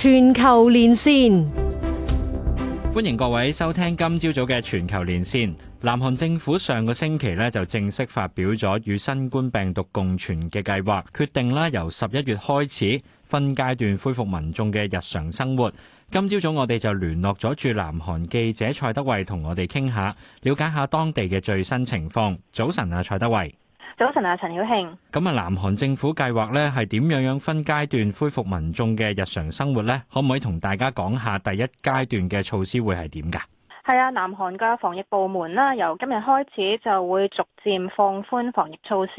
全球連線，歡迎各位收聽今朝早嘅全球連線。南韓政府上個星期呢，就正式發表咗與新冠病毒共存嘅計劃，決定啦，由十一月開始分階段恢復民眾嘅日常生活。今朝早我哋就聯絡咗駐南韓記者蔡德蕙同我哋傾下，了解下當地嘅最新情況。早晨啊，蔡德蕙。早晨啊，陳曉慶，咁啊，南韓政府計劃咧係點樣樣分階段恢復民眾嘅日常生活咧？可唔可以同大家講下第一階段嘅措施會，係點噶？係啊，南韓嘅防疫部門啦，由今日開始就會逐漸放寬防疫措施。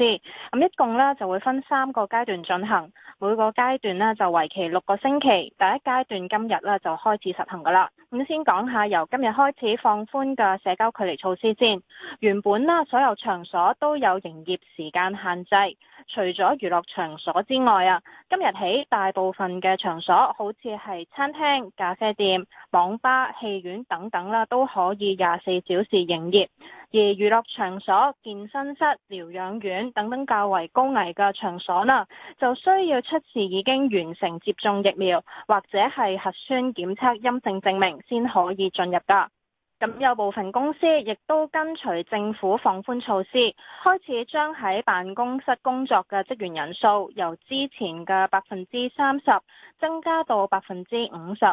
咁一共咧就會分三個階段進行，每個階段咧就為期六個星期。第一階段今日咧就開始實行噶啦。咁先講下，由今日開始放寬嘅社交距離措施先。原本啦，所有場所都有營業時間限制，除咗娛樂場所之外啊，今日起大部分嘅場所，好似係餐廳、咖啡店、網吧、戲院等等啦，都可以廿四小時營業。而娛樂場所、健身室、療養院等等較為高危嘅場所呢，就需要出示已經完成接種疫苗或者係核酸檢測陰性證明先可以進入㗎。咁有部分公司亦都跟隨政府放寬措施，開始將喺辦公室工作嘅職員人數由之前嘅百分之三十增加到百分之五十。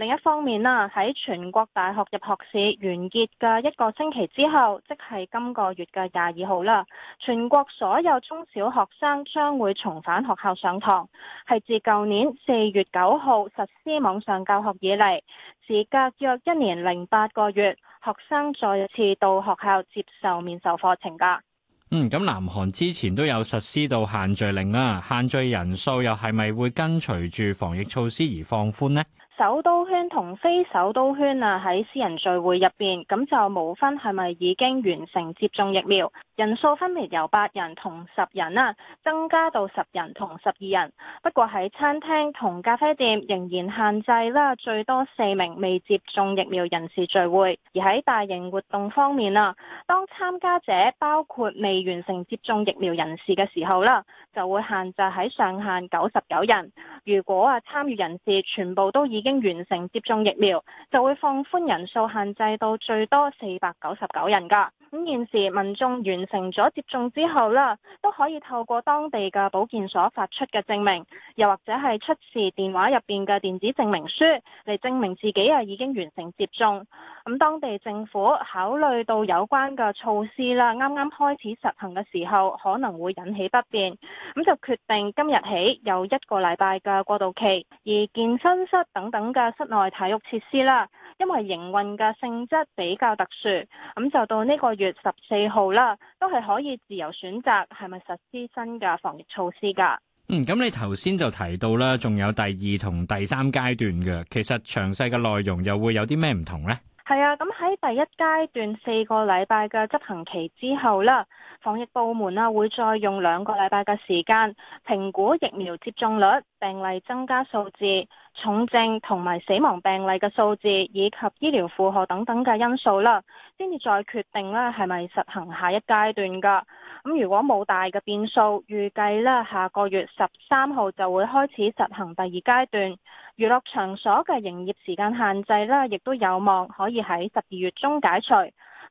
另一方面啦，喺全國大學入學試完結嘅一個星期之後，即係今個月嘅廿二號啦。全國所有中小學生將會重返學校上堂，係自舊年四月九號實施網上教學以嚟，時隔約一年零八個月，學生再次到學校接受面授課程噶。嗯，咁南韓之前都有實施到限聚令啊，限聚人數又係咪會跟隨住防疫措施而放寬呢？首都圈同非首都圈啊，喺私人聚會入邊咁就冇分係咪已經完成接種疫苗，人數分別由八人同十人啦，增加到十人同十二人。不過喺餐廳同咖啡店仍然限制，啦，最多四名未接種疫苗人士聚會。而喺大型活動方面啊，當參加者包括未完成接種疫苗人士嘅時候啦，就會限制喺上限九十九人。如果啊參與人士全部都已經完成接種疫苗，就會放寬人數限制到最多四百九十九人噶。咁現時民眾完成咗接種之後啦，都可以透過當地嘅保健所發出嘅證明，又或者係出示電話入邊嘅電子證明書嚟證明自己係已經完成接種。咁當地政府考慮到有關嘅措施啦，啱啱開始實行嘅時候可能會引起不便，咁就決定今日起有一個禮拜嘅過渡期，而健身室等等嘅室內體育設施啦。因為營運嘅性質比較特殊，咁就到呢個月十四號啦，都係可以自由選擇係咪實施新嘅防疫措施噶。嗯，咁你頭先就提到啦，仲有第二同第三階段嘅，其實詳細嘅內容又會有啲咩唔同呢？係啊。喺第一階段四個禮拜嘅執行期之後啦，防疫部門啊會再用兩個禮拜嘅時間評估疫苗接種率、病例增加數字、重症同埋死亡病例嘅數字，以及醫療負荷等等嘅因素啦，先至再決定呢係咪實行下一階段㗎。咁如果冇大嘅變數，預計呢，下個月十三號就會開始實行第二階段，娛樂場所嘅營業時間限制呢，亦都有望可以喺十二月中解除，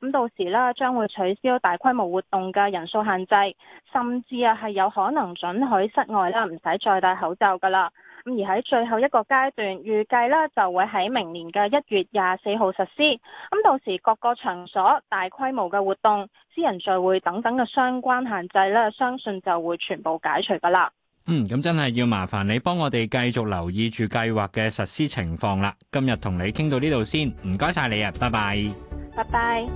咁到時咧將會取消大規模活動嘅人數限制，甚至啊係有可能准許室外啦唔使再戴口罩噶啦。咁而喺最後一個階段，預計咧就會喺明年嘅一月廿四號實施。咁到時各個場所、大規模嘅活動、私人聚會等等嘅相關限制咧，相信就會全部解除噶啦。嗯，咁真係要麻煩你幫我哋繼續留意住計劃嘅實施情況啦。今日同你傾到呢度先，唔該晒你啊，拜拜，拜拜。